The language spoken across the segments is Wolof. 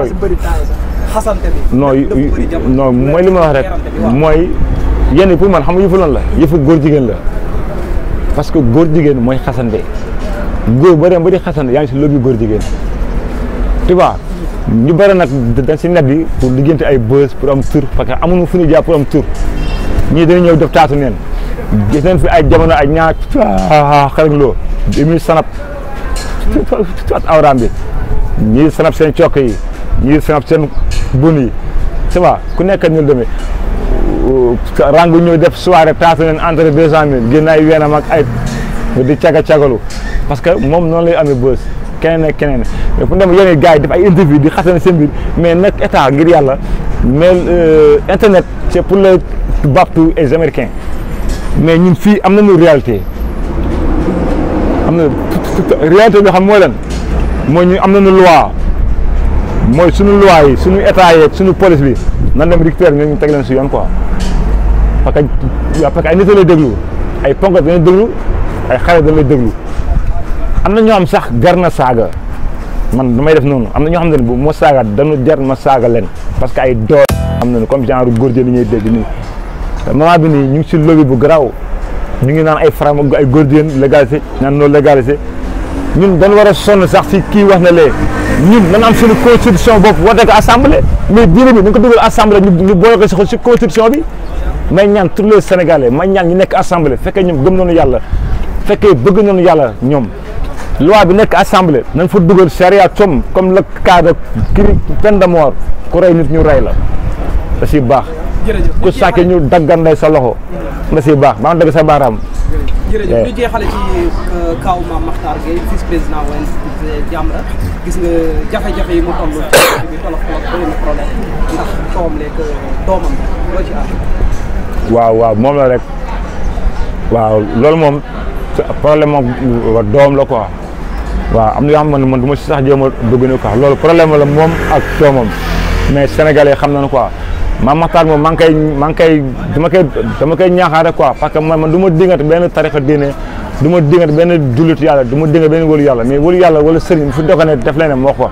koy non non mooy li ma wax rek mooy yenn pour man xam nga yëfu lan la yëfu góor jigéen la parce que góor jigéen mooy xasante góor ba dem ba di xasante yaa ngi si lóob yu góor jigéen tu ñu bëri nag dañ si net bi pour diggante ay bës pour am tur parce que amuñu fu ñu jàpp pour am tur ñii dañu ñëw def taatu neen gis fi ay jamono ay ñaar xarak loo émi sanap awraam bi ñii sanap seen cokk yi ñu samp seen bun yi ça ku nekk ñu demee euh, rang ñëw def soirée taas leen entre deux cent génn ay weenam ak ay di caga cagalu parce que moom noonu lay amee bës keneen ak keneen mais fu dem yeneen gars ay interview di xasane seen biir mais nag état ngir yàlla mais euh, internet c'est pour les baptu et les mais ñun fii am nañu réalité am na réalité bi xam mooy lan moo ñu am nañu loi mooy suñu loi yi suñu état yeeg suñu police bi nan dem recteur ñu teg leen si yoon ko parce que parce que ay nit lay déglu ay ponkat dañuy déglu ay xale dañu lay am na ñoo am sax gar na saaga man damay def noonu am na ñoo xam ne bu ma saaga dañu jar ma saaga leen parce que ay door am nañu comme genre góor jigéen ñuy dégg nii te bi nii ñu ngi si lobby bu garaaw ñu ngi naan ay faram ay góor jigéen légalisé naan loolu légalisé ñun dañu war a sonn sax si kii wax na lee ñun nañ am suñu constitution bopp wote ko assemblée mais diine bi nañ ko dugal assemblée ñu ñu boole ko si constitution bi may ñaan tous les sénégalais may ñaan ñu nekk assemblée fekkee ñoom gëm nañu yàlla fekkee bëgg nañu yàlla ñoom. loi bi nekk assemblée nañ fa dugal charia com comme le cas de kii peine de mort ku rey nit ñu rey la da siy baax. ku sàkke ñu daggan lay sa loxo da siy baax maa dëgg sa baaraam. jërëjëf ñu jeexale ci euh, kaw Mame Makhtar Gueye vice président ONG Jamra gis nga jafe-jafe yi mu toll bi tolof tolof bëri na problème ndax coom leeg euh, doomam loo ci am waaw waaw moom la rek waaw loolu moom problème moom doom la quoi waaw am na yoo xam ne man du ma si sax jéem a dugg ni quoi loolu problème la moom ak doomam mais sénégalais xam nañu quoi maam Maxtaar moom maa ngi koy maa ngi koy dama koy dama koy ñaaxaare quoi parce que man man du ma dingate benn tarixa diine du ma dingate benn jullitu yàlla du ma dingate benn wëlu yàlla mais wëlu yàlla wala sëriñ fu doxee ne def leen moo ko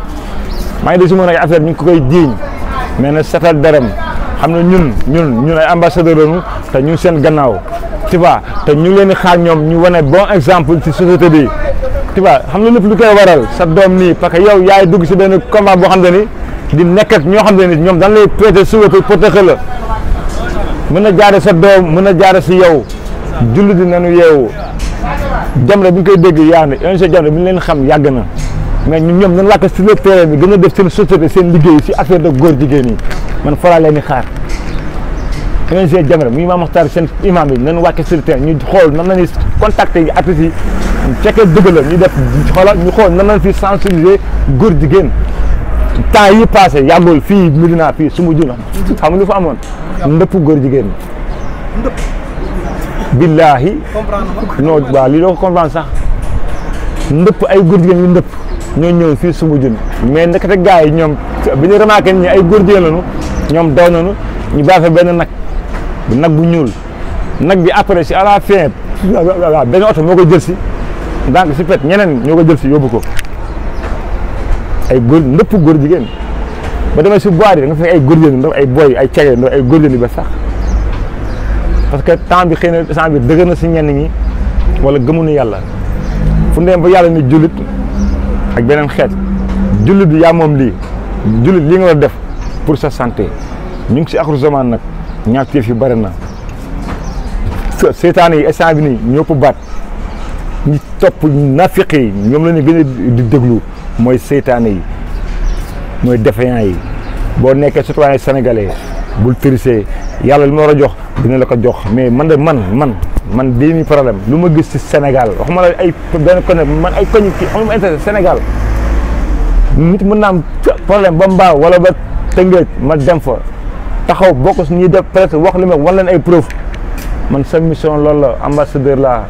maa ngi dégg si moom ay affaire ñu ko koy jiiñ mais na setal deram xam ne ñun ñun ñun ay ambassadeur lañu te ñu seen gannaaw tu vois te ñu leen di xaar ñoom ñu wane bon exemple ci société bi tu vois xam nga lépp lu koy waral sa doom nii parce que yow yaay dugg si benn combat boo xam ne di nekk ak ñoo xam ne nit ñoom dañ lay pété suba ko potexe la mën na jaare sa doom mën na jaare si yow jullit di nanu yeewu Jamra bi ñu koy dégg yaa ne ONG Jamra bi ñu leen xam yàgg na mais ñun ñoom nan làkk si le terrain bi gën a def seen société seen liggéey si affaire de góor jigéen yi man faral leen di xaar ONG Jamra muy Mame Makhtar seen imam yi nañ wàcce sur le terrain ñu xool nan nañu contacté yi artistes yi fekkee dëgg la ñu def xoola ñu xool nan nañ fi sensibiliser góor jigéen temps yi passé yàggul fii Medina fii su ma juna xam nga lu fa amoon ndëpp góor jigéen ñi billaahi non waaw lii doo ko comprendre sax ndëpp ay góor jigéen yu ndëpp ñoo ñëw fii su ma juna mais ndekete gars yi ñoom bi ñu remarqué ñi ay góor jigéen lañu ñoom daw nañu ñu baafe benn nag nag bu ñuul nag bi après si à la fin waaw benn oto moo ko jël si donc si pet ñeneen ñoo ko jël si yóbbu ko ay góor ndëpp góor jigéen ba demee si bois yi da nga fekk ay góor jigéen ay boy ay cage ay góor ba sax parce que temps bi xëy na temps bi dëgër na si ñenn ñi wala gëmuñu yàlla fu ndem ba yàlla ni jullit ak beneen xeet jullit bi yaa moom lii jullit lii nga war def pour sa santé ñu ngi si axru zaman nag ñaawteef yu bëri na seetaan yi instant bi nii ñëpp baat ñi topp nafiqe ñoom la ñu gën a di déglu mooy seytaane yi mooy défaillant yi boo nekkee citoyen sénégalais bul tricher yàlla li ma war a jox dina la ko jox mais man de man man man bii mi problème lu ma gis ci senegal waxuma la ay benn koñ man ay koñ ci amuma intérêt mën naa am problème ba mbaaw wala ba tëngéej ma dem fa taxaw bokk ñuy def peut wax li ma wan leen ay preuve man sa mission loolu la ambassadeur laa